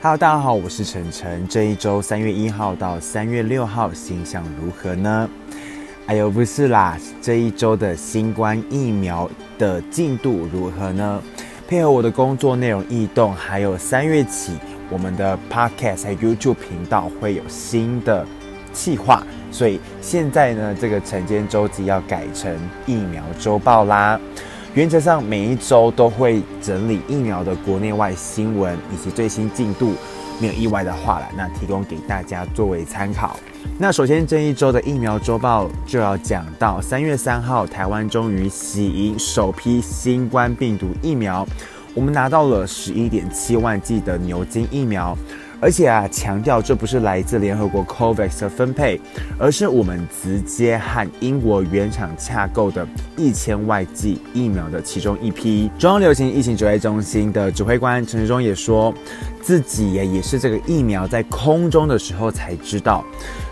Hello，大家好，我是晨晨。這一週三月一號到三月六號形象如何呢？還、哎、有不是啦，這一週的新冠疫苗的進度如何呢？配合我的工作內容異動，還有三月起我們的 Podcast YouTube 頻道會有新的氣劃，所以現在呢，這個晨間週期要改成疫苗週報啦。原則上，每一周都會整理疫苗的國內外新聞，以及最新進度，沒有意外的話了，那提供給大家作為參考。那首先這一周的疫苗周報就要講到三月三號，台灣終於喜迎首批新冠病毒疫苗，我們拿到了十一點七萬劑的牛津疫苗。而且啊，強調這不是來自聯合國 COVAX 的分配，而是我們直接和英國原廠洽購的一千萬劑疫苗的其中一批。中央流行疫情指揮中心的指揮官陳時中也說，自己也也是這個疫苗在空中的時候才知道。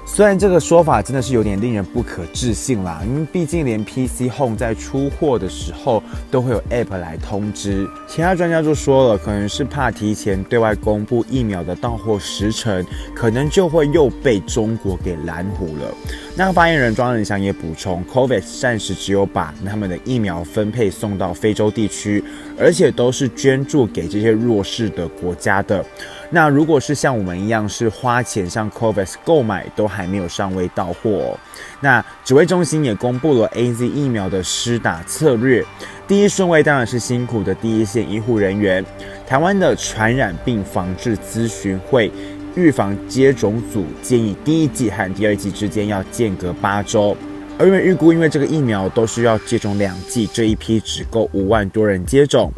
雖然這個說法真的是有點令人不可置信啦，因為畢竟連 PC Home 在出貨的時候都會有 App 來通知。其他專家就說了，可能是怕提前對外公布疫苗的到貨時程，可能就會又被中國給攔胡了。那發言人莊仁祥也補充，COVAX 暫時只有把他們的疫苗分配送到非洲地區，而且都是捐助給這些弱勢的國家的。那如果是像我們一樣是花錢向 COVAX 購買，都還沒有尚未到貨，哦。那指揮中心也公布了 A Z 疫苗的施打策略，第一順位當然是辛苦的第一線醫護人員。台灣的傳染病防治諮詢會預防接種組建議，第一劑和第二劑之間要間隔八周。而因為預估，因為這個疫苗都需要接種兩劑，這一批只夠五萬多人接種。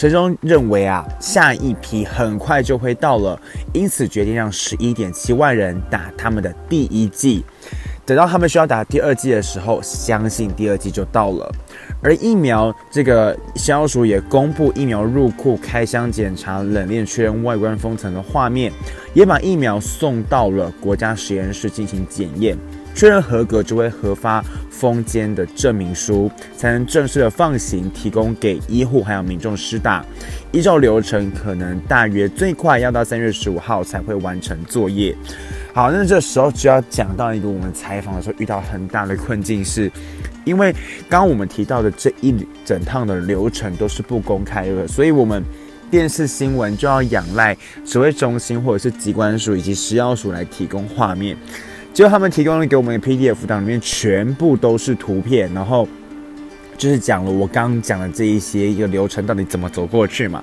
陳時中認為啊，下一批很快就會到了，因此決定讓十一點七萬人打他們的第一劑。等到他們需要打第二劑的時候，相信第二劑就到了。而疫苗，這個消暑也公布疫苗入庫、開箱檢查、冷鏈確認、外觀封層的畫面，也把疫苗送到了國家實驗室進行檢驗，確認合格就會核發封間的證明書，才能正式的放行，提供給醫護還有民眾施打。依照流程，可能大約最快要到三月十五號才會完成作業。好，那這時候就要講到一個我們採訪的時候遇到很大的困境，是，是因為剛剛我們提到的這一整趟的流程都是不公開的，所以我們電視新聞就要仰賴指揮中心或者是機關署以及食藥署來提供畫面。就他們提供了給我們的 PDF 檔裡面全部都是圖片，然後就是講了我剛剛講的這一些一個流程到底怎麼走過去嘛。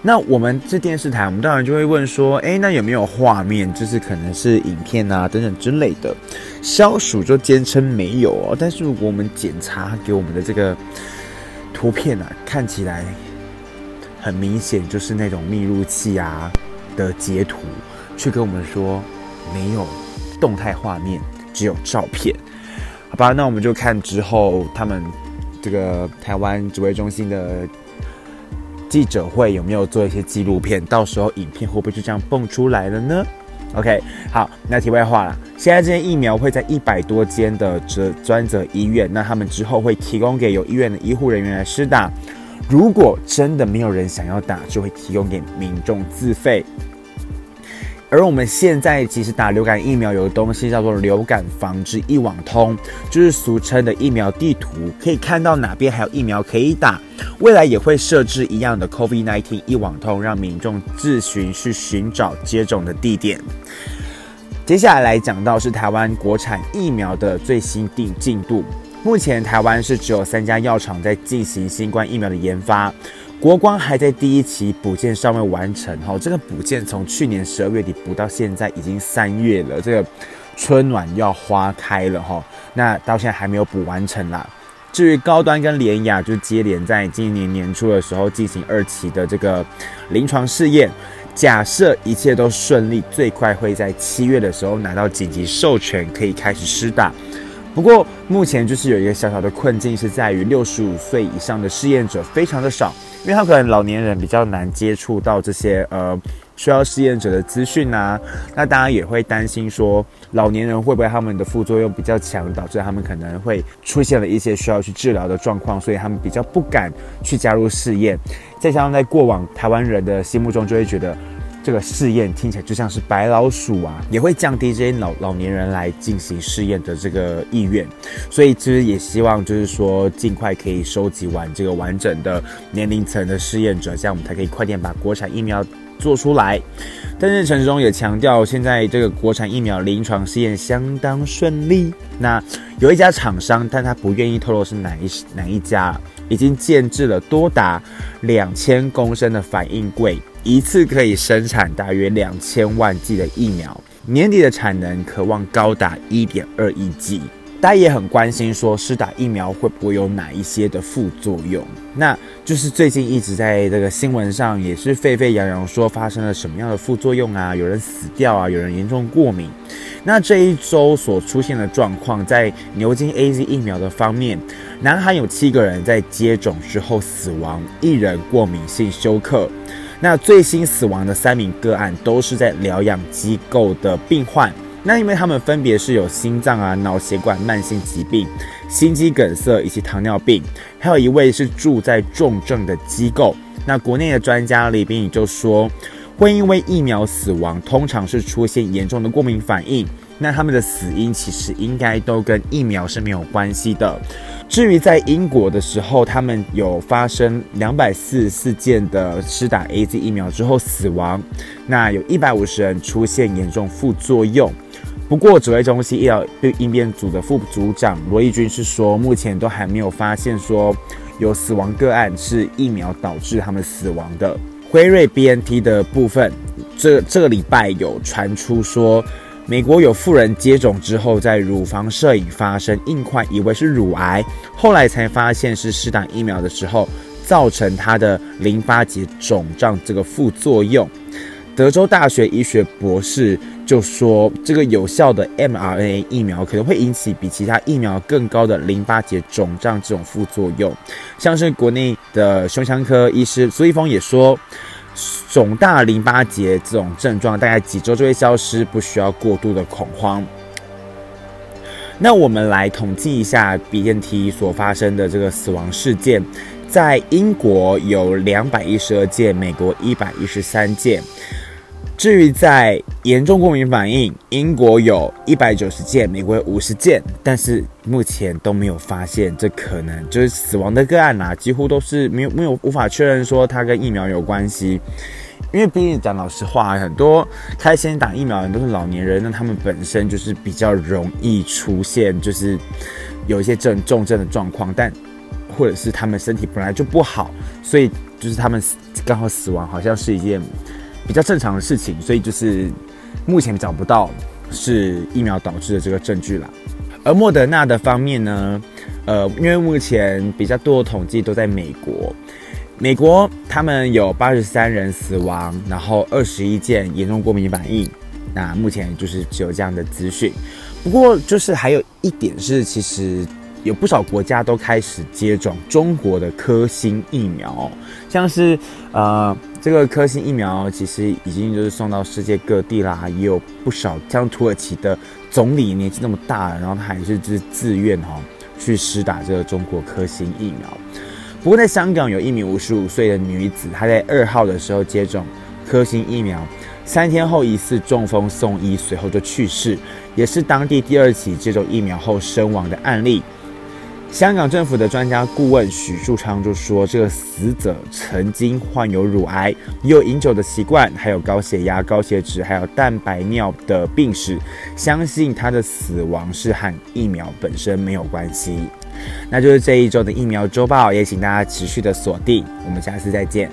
那我們這電視台，我們當然就會問說，哎、欸，那有沒有畫面？就是可能是影片啊等等之類的。消署就堅稱沒有哦，但是如果我們檢查給我們的這個圖片啊，看起來很明顯就是那種密錄器啊的截圖，卻跟我們說沒有。動態畫面只有照片，好吧，那我們就看之後他們這個台灣指揮中心的記者會有沒有做一些紀錄片，到時候影片會不會就這樣蹦出來了呢？OK，好，那題外話了，現在這些疫苗會在一百多間的這專責醫院，那他們之後會提供給有醫院的醫護人員來施打，如果真的沒有人想要打，就會提供給民眾自費。而我們現在其實打流感疫苗，有個東西叫做流感防治一網通，就是俗稱的疫苗地圖，可以看到哪邊還有疫苗可以打。未來也會設置一樣的 COVID-19 一網通，讓民眾自尋去尋找接種的地點。接下來來講到是台灣國產疫苗的最新定進度。目前台灣是只有三家藥廠在進行新冠疫苗的研發。國光還在第一期補件尚未完成哈，這個補件從去年十二月底補到現在已經三月了，這個春暖要花開了哈，那到現在還沒有補完成啦。至於高端跟聯亞，就接連在今年年初的時候進行二期的這個臨床試驗，假設一切都順利，最快會在七月的時候拿到緊急授權，可以開始施打。不過目前就是有一個小小的困境，是在於六十五歲以上的試驗者非常的少，因為他可能老年人比較難接觸到這些呃需要試驗者的資訊啊。那大家也會擔心說，老年人會不會他們的副作用比較強，導致他們可能會出現了一些需要去治療的狀況，所以他們比較不敢去加入試驗。再加上在過往台灣人的心目中，就會覺得，這個試驗聽起來就像是白老鼠啊，也會降低這些老老年人來進行試驗的這個意願，所以其實也希望就是說盡快可以收集完這個完整的年齡層的試驗者，這樣我們才可以快點把國產疫苗做出來。但是陳時中也強調，現在這個國產疫苗臨床試驗相當順利。那有一家廠商，但他不願意透露是哪一哪一家，已經建置了多達兩千公升的反應櫃。一次可以生產大約兩千萬劑的疫苗，年底的產能可望高達一點二億劑。大家也很關心，說施打疫苗會不會有哪一些的副作用？那就是最近一直在這個新聞上也是沸沸揚揚，說發生了什麼樣的副作用啊？有人死掉啊？有人嚴重過敏？那這一週所出現的狀況，在牛津 AZ 疫苗的方面，南韓有七個人在接種之後死亡，一人過敏性休克。那最新死亡的三名個案都是在療養機構的病患，那因為他們分別是有心臟啊、腦血管慢性疾病、心肌梗塞以及糖尿病，還有一位是住在重症的機構。那國內的專家李秉穎也就說，會因為疫苗死亡通常是出現嚴重的過敏反應。那他們的死因其實應該都跟疫苗是沒有關係的。至於在英國的時候，他們有發生兩百四十四件的施打 A Z 疫苗之後死亡，那有一百五十人出現嚴重副作用。不過，指揮中心醫療應變組的副組長羅一鈞是說，目前都還沒有發現說有死亡個案是疫苗導致他們死亡的。輝瑞 B N T 的部分這，這這個禮拜有傳出說。美國有婦人接種之後，在乳房攝影發生硬塊，以為是乳癌，後來才發現是施打疫苗的時候造成他的淋巴結腫脹這個副作用。德州大學醫學博士就說，這個有效的 mRNA 疫苗可能會引起比其他疫苗更高的淋巴結腫脹這種副作用。像是國內的胸腔科醫師蘇一峰也說。腫大淋巴結這種症狀大概幾週就會消失，不需要過度的恐慌。那我們來統計一下 BNT 所發生的這個死亡事件，在英國有兩百一十二件，美國一百一十三件。至於在嚴重過敏反應，英國有一百九十件，美國有五十件，但是目前都沒有發現這可能就是死亡的個案啊，幾乎都是沒有沒有無法確認說它跟疫苗有關係，因為畢竟講老實話，很多開先打疫苗的人都是老年人，那他們本身就是比較容易出現就是有一些症重症的狀況，但或者是他們身體本來就不好，所以就是他們剛好死亡，好像是一件。比較正常的事情，所以就是目前找不到是疫苗導致的這個證據了。而莫德納的方面呢，呃，因為目前比較多的統計都在美國，美國他們有八十三人死亡，然後二十一件嚴重過敏反應，那目前就是只有這樣的資訊。不過就是還有一點是，其實。有不少國家都開始接種中國的科興疫苗哦，像是呃這個科興疫苗哦，其實已經就是送到世界各地啦，也有不少像土耳其的總理年紀那麼大，然後他還是，是自自願哈去施打這個中國科興疫苗。不過在香港有一名五十五歲的女子，她在二號的時候接種科興疫苗，三天後疑似中風送醫，隨後就去世，也是當地第二起接種疫苗後身亡的案例。香港政府的專家顧問許樹昌就說，這個死者曾經患有乳癌，有飲酒的習慣，還有高血壓、高血脂，還有蛋白尿的病史，相信他的死亡是和疫苗本身沒有關係。那就是這一周的疫苗周報，也請大家持續的鎖定。我們下次再見。